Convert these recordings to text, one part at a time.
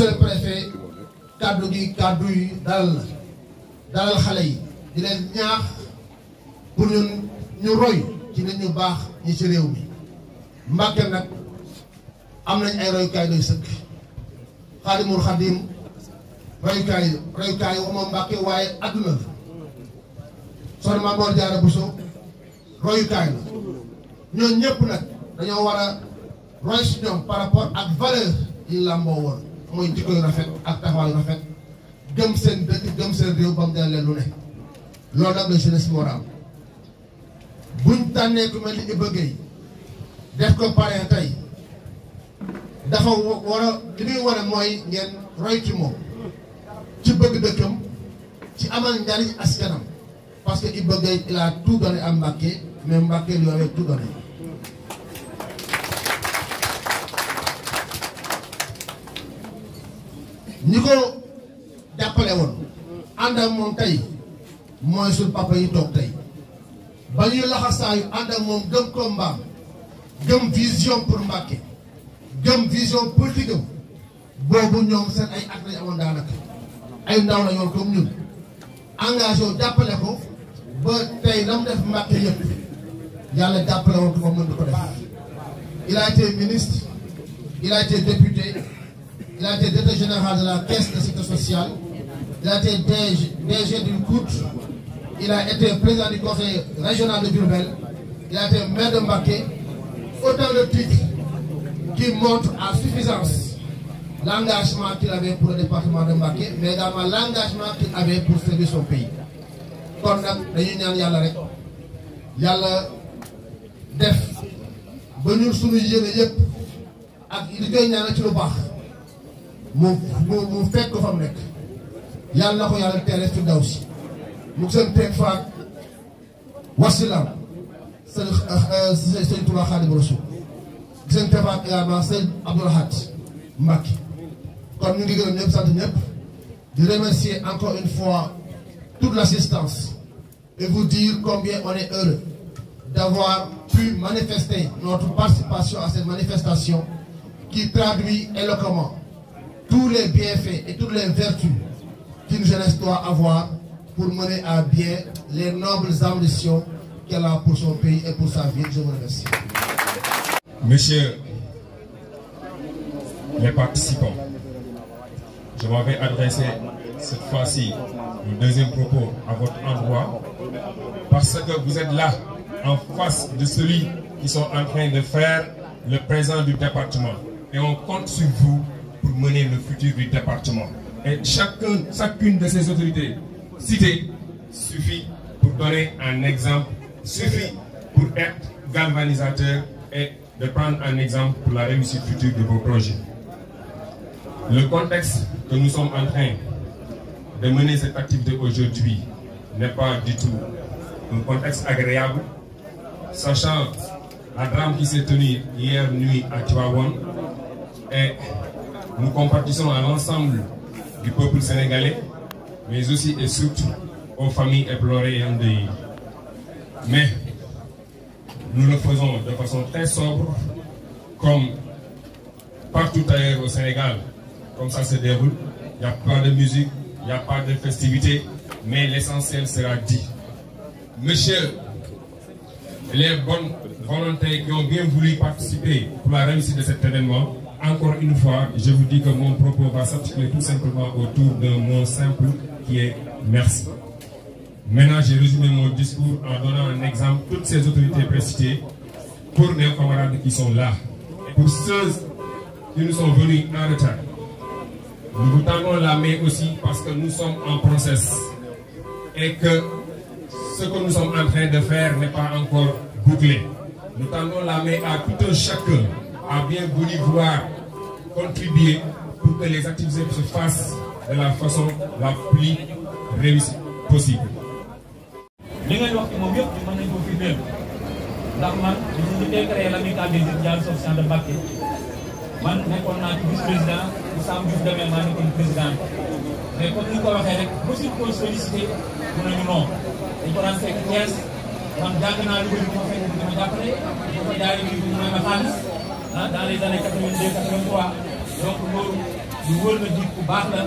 monsieur le kàddu gi kàddu yi dalal dalal xale yi di ñaax pour ñun ñu roy ci nit ñu baax ñi ci réew mi Mbàkke nag am nañ ay royukaay doy sëkk xaadimul xadim royukaay royukaay waxuma Mbàkke waaye àdduna son ma Mor Diarra Bousso royukaay la ñoom ñëpp nag dañoo war a roy si ñoom par rapport ak valeur yi làmboo woon mooy jikko yu rafet ak taxawaayu rafet gëm seen dëkk gëm seen réew ba mu dana lu ne loolu nag la jeunesse morale buñ tànnee ku mel ni Iba Gueye def ko parrain tey dafa war a li muy war mooy ngeen roy ci moom ci bëgg dëkkam ci amal njariñ askanam parce que Iba Gueye il a tout donné à Mbacké mais Mbacké ñi ko jàppale woon ànd ak moom tey mooy suñ papa yi toog tey ba ñuy laxasaayu ànd ak moom gëm ko mbaam gëm vision pour Mbàkke gëm vision politique am boobu ñoom seen ay at lañu amoon ay ndaw la ñoon comme ñun engagé wu jàppale ko ba tey dam def Mbàkke yëpp yàlla jàppale woon ko mën di ko def il ministre il a il a été directeur général de la caisse de sécurité sociale, il a été DG, DG d'une courte, il a été président du conseil régional de Durbel, il a été maire de Mbaké, autant de titres qui montrent à suffisance l'engagement qu'il avait pour le département de Mbaké, mais également l'engagement qu'il avait pour servir son pays. kon nag dañuy ñaan yàlla rek yàlla def ba ñun suñu yéene yëpp ak li koy ñaanal ci lu baax. mu mu mu fekk ko fa mu nekk na ko yàlla teere fi daw si mu seen teg wasilaam seen seen Tuubaa Xaadimu Rasuul seen teg faak également seen Abdou Lahad Mbacké kon ñu ngi gërëm ñëpp sant ñëpp di remercier encore une fois toute l'assistance et vous dire combien on est heureux d'avoir pu manifester notre participation à cette manifestation qui traduit éloquemment tous les bienfaits et toutes les vertus qu'une jeunesse doit avoir pour mener à bien les nobles ambitions qu'elle a pour son pays et pour sa ville. Je vous remercie. Monsieur les participants, je m'avais adressé cette fois-ci le deuxième propos à votre endroit parce que vous êtes là en face de celui qui sont en train de faire le présent du département et on compte sur vous pour mener le futur du département. Et chacun, chacune de ces autorités citées suffit pour donner un exemple, suffit pour être galvanisateur et de prendre un exemple pour la réussite future de vos projets. Le contexte que nous sommes en train de mener cette activité aujourd'hui n'est pas du tout un contexte agréable, sachant la drame qui s'est tenue hier nuit à Tuawan et Nous compatissons à l'ensemble du peuple sénégalais, mais aussi et surtout aux familles éplorées et endeuillées. Mais nous le faisons de façon très sobre, comme partout ailleurs au Sénégal, comme ça se déroule. Il n'y a pas de musique, il n'y a pas de festivité, mais l'essentiel sera dit. Monsieur, les bonnes volontés qui ont bien voulu participer pour la réussite de cet événement, encore une fois, je vous dis que mon propos va s'articuler tout simplement autour d'un mot simple qui est merci. Maintenant, résumé mon discours en donnant un exemple. Toutes ces autorités précitées, pour nos camarades qui sont là, pour ceux qui nous sont venus en retard, nous vous la main aussi parce que nous sommes en process et que ce que nous sommes en train de faire n'est pas encore bouclé. Nous tendons la main à tout un chacun a bien voulu vouloir contribuer pour que les activités se de la façon la plus réussie possible. li ngay wax ci moom yëpp mën nañu ko firndeel ndax man bi ñu décrété l'amicale des étudiants sociaux de Mbacké man nekkoon naa ci vice président Sam Diouf demee maa nekkoon président mais ni ko waxee rek mosul ko sollicité mun nañu non dañu ko daan fekk man jàng naa lu bëri bu ma fekk dama jàppale bu ma jaaree nii ah dans les années 82 83 donc loolu lu wóor la ku baax la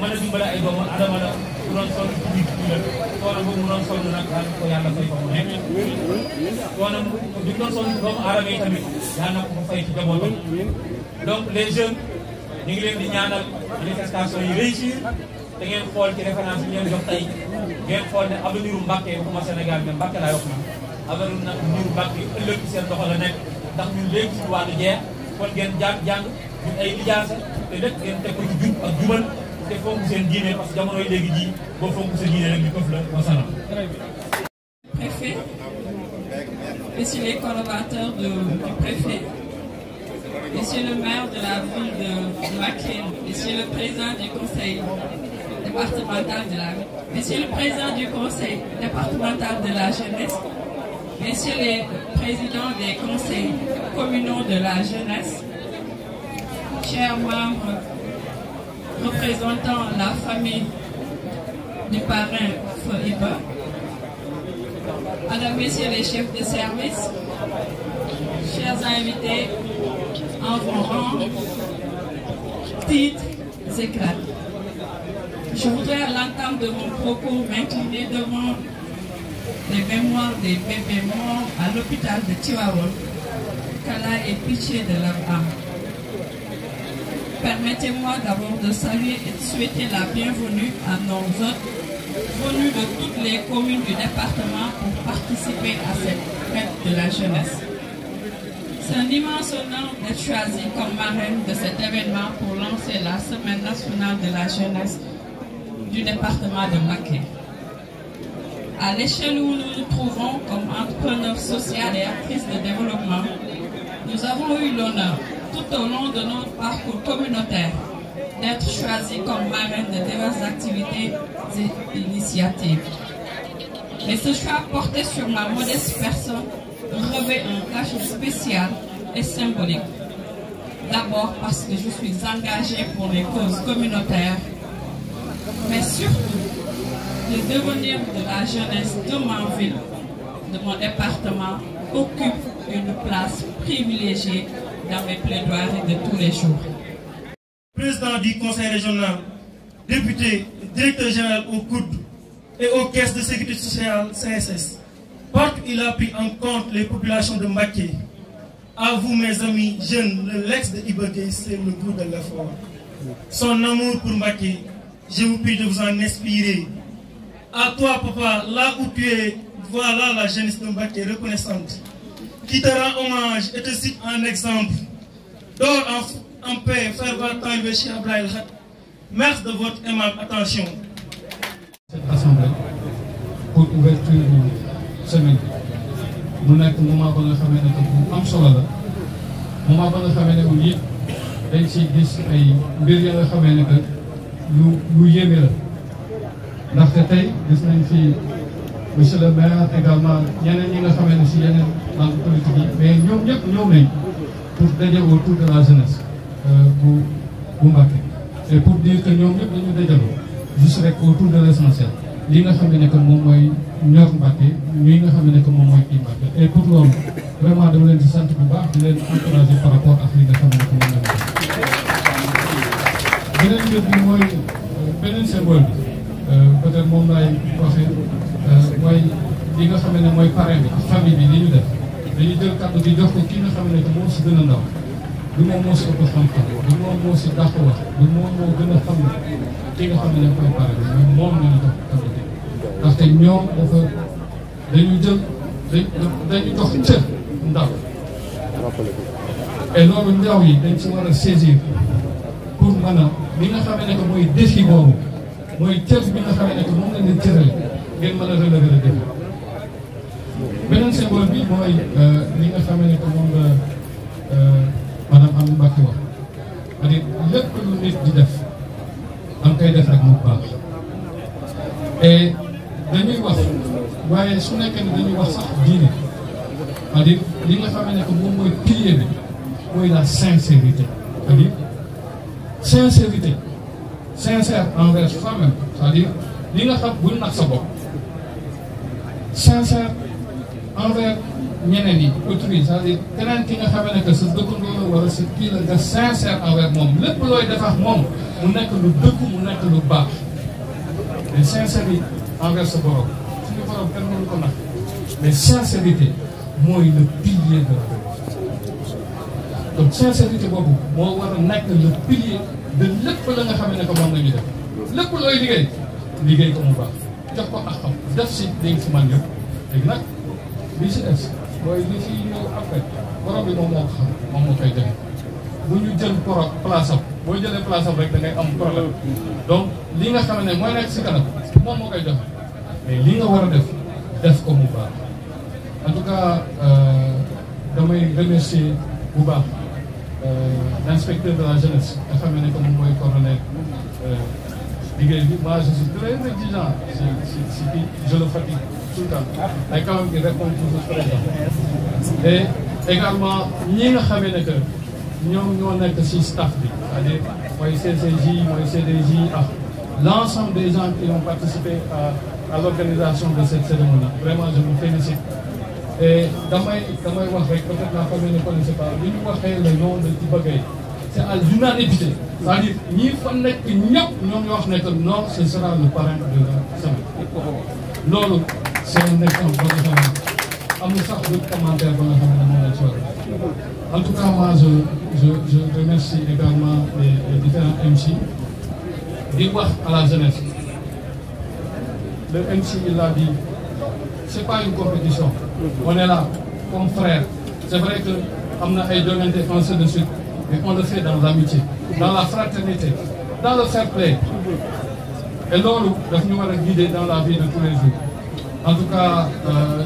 mën a dimbale ay doomu adama la ku doon sonn ci la coono boobu mu mu nekk coono bi adama yi tamit daa na ko fay ci jabootam donc les jeunes ñu ngi leen di ñaanal manifestation yi réussir te ngeen xool ci référence bi ngeen jox tey ngeen xool ne avenir u Mbàkke waxuma Sénégal mais Mbàkke laa wax na avenir nag niru Mbàkke ëllëg seen loxo la nekk ndax ñun léegi suñu waa jeex kon ngeen jàng jàng ñun ay lijaasa te lépp ngeen teg ko ci te fonk seen diine parce que jamonoy léegi ji boo fonk seen diine rek ñu këf la wasalaam. préfet du préfet monsieur le maire de la ville de Mbacké monsieur le président du conseil départemental de la monsieur le président du conseil départemental de la jeunesse. messieurs les présidents des conseils communaux de la jeunesse, chers membres représentant la famille du parrain Foiba, Madame, Messieurs les chefs de service, chers invités en vos rangs, titres éclats. Je voudrais à de mon propos m'incliner devant des mémoires des bébés à l'hôpital de Tivaouane, qu'Allah ait pitié de leur âme. Permettez-moi d'abord de saluer et de souhaiter la bienvenue à nos autres venus de toutes les communes du département pour participer à cette fête de la jeunesse. C'est un immense honneur d'être choisi comme marraine de cet événement pour lancer la Semaine nationale de la jeunesse du département de Mbacké. À l'échelle où nous nous trouvons comme entrepreneurs social et actrices de développement, nous avons eu l'honneur, tout au long de notre parcours communautaire, d'être choisis comme marraine de diverses activités initiatives. Mais ce choix porté sur ma modeste personne revêt un cachet spécial et symbolique. D'abord parce que je suis engagée pour les causes communautaires, mais le devenir de la jeunesse de ma ville, de mon département, occupe une place privilégiée dans mes plaidoiries de tous les jours. Président du Conseil régional, député, directeur général au COUD et aux caisses de sécurité sociale CSS, partout il a pris en compte les populations de Mbaké. À vous mes amis jeunes, le Lex de Ibaké, c'est le goût de l'effort. Son amour pour Mbaké, je vous prie de vous en inspirer À toi, papa, là où tu es, voilà la jeunesse de Mbacké reconnaissante, qui te rend hommage et te cite en exemple. Dors en, en paix, frère Barthélémy Cheikh Abdoulaye Khat. Merci de votre aimable attention. Cette assemblée pour ouverture semaine mu nekk moment ba nga xamee ne bu am solo la moment ba nga xamee ne bu yëpp dañ ciy gis ay mbir ya nga xamee ne que lu lu yéeme la. ndaxte tey gis nañ fi monsieur le maire également ñeneen ñi nga xamee ne si yeneen langue politique yi mais ñoom ñëpp ñëw nañ pour daje autour de la jeunesse euh, bu bu Mbacké et pour dire que ñoom ñëpp dañu dajaloo juste rek autour de l' essentiel li nga xam ne que moom mooy ñor Mbacké ñi nga xam ne que moom mooy kii Mbacké et pour loolu vraiment dama leen di sant bu baax di leen encouragé par rapport ak li nga xam ne que moom la ñu beneen mbir bi mooy euh, beneen symbole bi Euh, peut-être moom laay waxee euh, mooy li nga xam ne mooy parrain bi ak famille bi li jox ko ki nga xam ne moom si gën a ndaw du moom moo si xam du moom moo si wax du moom moo gën xam ki nga ñu jox kàddu gi ñoom dafa dañu jox cër ndaw et loolu ndaw yi dañ si war a saisir pour mën a li nga xam ne mooy défi boobu mooy cër bi nga xamee ne moom lañ leen cërale ngeen mën a relever le défi beneen mooy euh, li nga xamee ne moom la euh, maanaam am Mbacke wax c'est lépp lu nit di def am koy def ak mu baax et dañuy wax waaye su nekkee ne dañuy wax sax diine cest à nga xamee ne moom mooy pilier bi mooy la sincérité c'est-à-dire sincérité sincère envers soi-même c'est-à-dire li nga xam buñ nax sa bopp sincère envers ñeneen yi autrui c'est-à-dire keneen ki nga xamee sa dëkkandoo la wala sa kii la nga sincère envers moom lépp looy defax moom mu nekk lu dëkk mu nekk lu baax mais sincérité envers sa borom suñu borom kenn mënu ko nax mais mooy le pilier de la donc sincérité boobu moo war nekk le pilier ba lépp la nga xam ne ko moom la def lépp looy liggéey liggéey ko mu baax jox ko ak xam def si li nga si mën yëpp léegi nag li si des mooy li si ñëw après borom bi moom moo ko xam moom moo koy boo jëlee place rek da am problème donc li nga xam ne mooy nekk si kanam moom moo joxe mais li nga war a def def ko mu baax en tout cas euh, damay remercier bu baax. l' eh, inspecteur eh, eh, ah, de la jeunesse nga xam ne que moom mooy coordonné liggéey bi moi je si si si kii je le fatigue tout le temps mais quand même et également ñi nga xamee ne que ñoom ñoo nekk si staff bi c'est-à-dire mooy CCJ mooy CDJ ah l'ensemble des gens qui ont participé à à l'organisation de cette cérémonie vraiment je vous félicite Eh, damay damay wax rek peut-être la famille ne connaissait pas bi waxee le nom de Iba Gueye c'est à l'unanimité c'est-à-dire ñi fa nekk ñëpp ñoom ñoo wax ne que non ce sera le parrain de la semaine loolu c'est un exemple ba nga xam amul sax lu commentaire ba nga xam ne moom la ci war en tout cas moi je je je MC di wax à la MC il c'est pas une compétition. on est là comme frère. c'est vrai que am na ay jongante ainsi de suite mais on le fait dans l'amitié dans la fraternité dans le fair play et loolu daf ñu war a guider dans la vie de tous les jours en tout cas euh,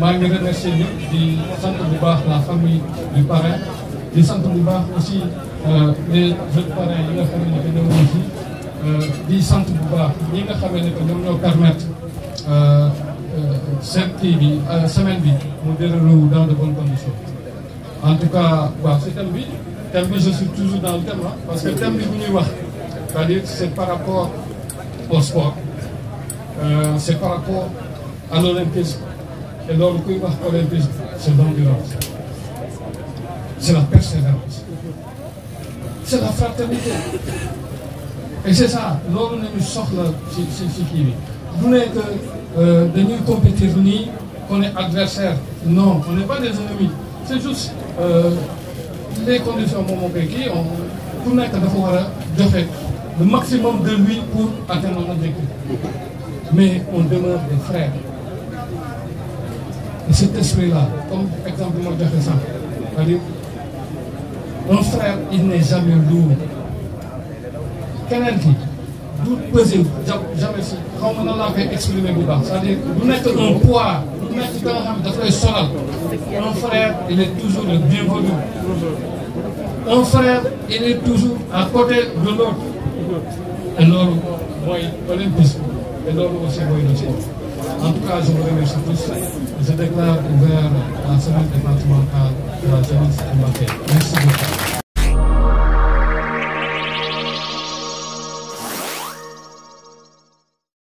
maa ngi remercier ñëpp di sant bu baax la famille du parrain di sant bu baax aussi euh, les jeunes parrains yi nga xam ne que euh, di sant bu baax ñi nga xam ne que ñoom ñoo permettre. cette euh, euh, bi semaine bi mu déroule dans de bonnes conditions en tout cas waaw si thème bi thème bi je suis toujours dans le thème ah parce que thème bi bu ñuy wax cest à c'est par rapport au sport euh, c'est par rapport à l'olympisme te loolu kuy wax olympisme c'est l'endurance c'est la persévérance c'est la fraternité et c'est ça loolu nañu soxla ci ci ci kii bi du Euh, dañuy compétir nii on est adversaire non on n'est pas des ennemis c'est juste euh, les conditions moom moo koy kii on dafa war a joxe le maximum de lui pour atteindre notre on demeure des et cet esprit-là comme exemple bi ma joxe sànq cest à frère il n'est jamais lourd keneen ki du peser jàpp jamais si xaw ma nan laa koy exprimer bu baax c'est-à-dire du nekk un poids du nekk da nga xam ne daf lay sonal un frère il est toujours le bienvenu un frère il est toujours à côté de l'autre et loolu mooy olympisme et loolu aussi mooy le sport en tout cas je vous remercie tous je déclare ouvert la semaine départementale de la jeunesse et de la paix merci beaucoup